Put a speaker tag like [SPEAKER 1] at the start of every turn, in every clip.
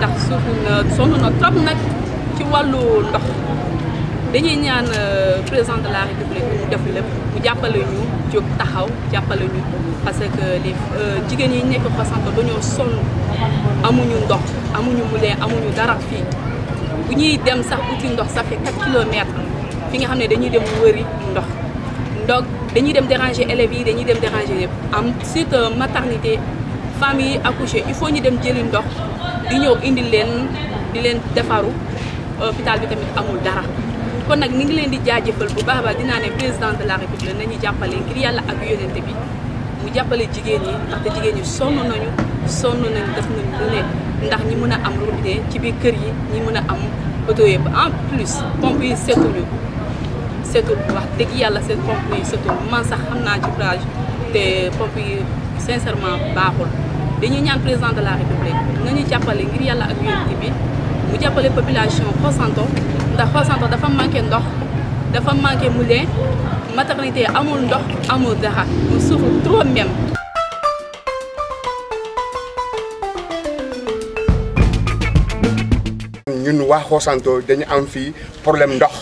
[SPEAKER 1] Euh, sommes euh, 30 de la république parce que les euh, yi de dañu son amuñu ndox amuñu Nous amuñu dara bu ñuy dem sax ndox ça fait 4 km. fi nga xamné dañuy dem wëri ndox ndox dañuy dem déranger élèves yi dañuy dem déranger am maternité famille accouchée, il faut ñu dem jëli ndox di ñëw indi leen di leen defaru euh, hôpital bi tamit amul dara kon nag ñu ngi leen di jëfal bu baax a baax dinaa ne président de la république nañu jàppale ngir yàlla ak yónnente bi mu jàppale jigéen ñi ndaxte jigéen ñi sonn nañu sonn nañu def nañu lu ne ndax ñi mën a am robinet ci biir kër yi ñi mën a am oto yëpp en plus pompe yi setuñu setul wax dëgg yàlla seen pompe yi setul man sax xam naa ci ouvrage te pompe yi sincèrement baaxul dañuy ñaan président de la république nous jàppale ngir yàlla ak bi mu population Xosanto ndax dafa manqué ndox dafa manqué moulin maternité amul ndox amul dara trop même.
[SPEAKER 2] ñun waa Xosanto dañu am fii problème ndox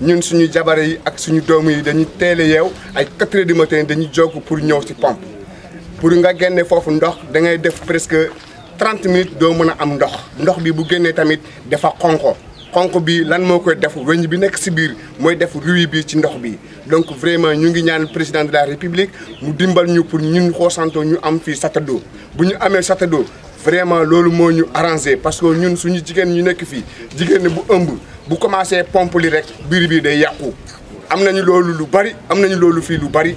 [SPEAKER 2] ñun suñu nous ak suñu doom yi nous teel 4 heures du matin pour ñëw pompe pour nga génne fofu ndox da ngay def presque 30 minutes do meuna am ndox ndox bi bu génnee tamit dafa konko konko bi lan mo koy def weñ bi nek ci bir moy def ruwi bi ci ndox bi donc vraiment ñu ngi ñaan président de la république mu dimbal ñu pour ñun Xosanto ñu am fi château bu ñu amé château vraiment lolu mo ñu arranger parce que ñun suñu jigen ñu nekk fii jigéen bu ëmb bu commencé pompe li rek bir bi day yàqu am lolu lu bari am lolu fi lu bari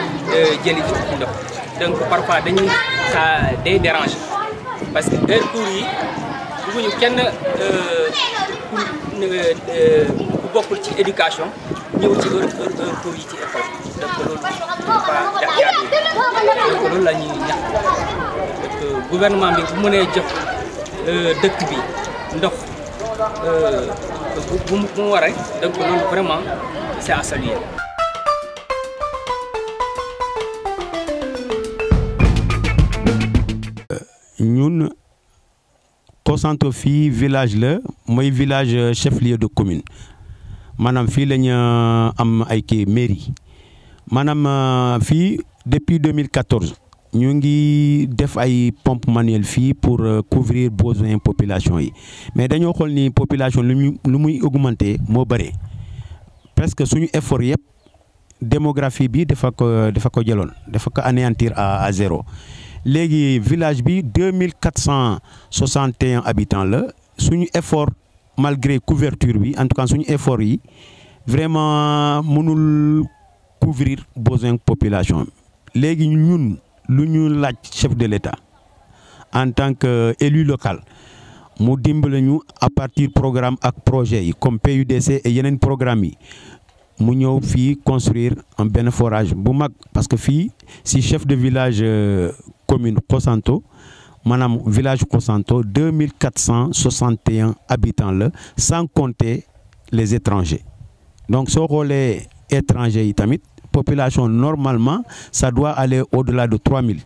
[SPEAKER 3] Euh, jeli ci ndox donc parfois dañuy ça day dérange parce que heure cours yi bëgguñu kenn euh, euh, ku bokkul ci éducation ñëw ci heure heure cours yi ci école donc lolu donc loolu la ñuy ñax donc gouvernement bi bu mënee jox euh dëkk bi ndox euh bu mu war a donc loolu vraiment c'est à saluer
[SPEAKER 4] Nous Kosanto le village le moy village euh, chef lieu de commune manam fi la euh, am ay mairie euh, depuis 2014 nous avons def ay pompe manuelle pour couvrir besoin population mais nous xol ni population lu muy augmenter presque suñu effort démographie bi dafa ko dafa ko anéantir à zéro le village bi 2461 habitants. habitants la effort malgré couverture bi en tout cas suñu effort vraiment mënul couvrir besoin population légui ñun luñu chef de l'État en tant que euh, élu local mu que ñu à partir programme ak projet yi comme PUDC et yenen programme yi mu construit construire un ben forage bu parce que si si chef de village euh, commune Kosanto Madame village Cosanto, 2461 habitants sans compter les étrangers donc ce rôle étranger-itamite, population normalement ça doit aller au-delà de 3000.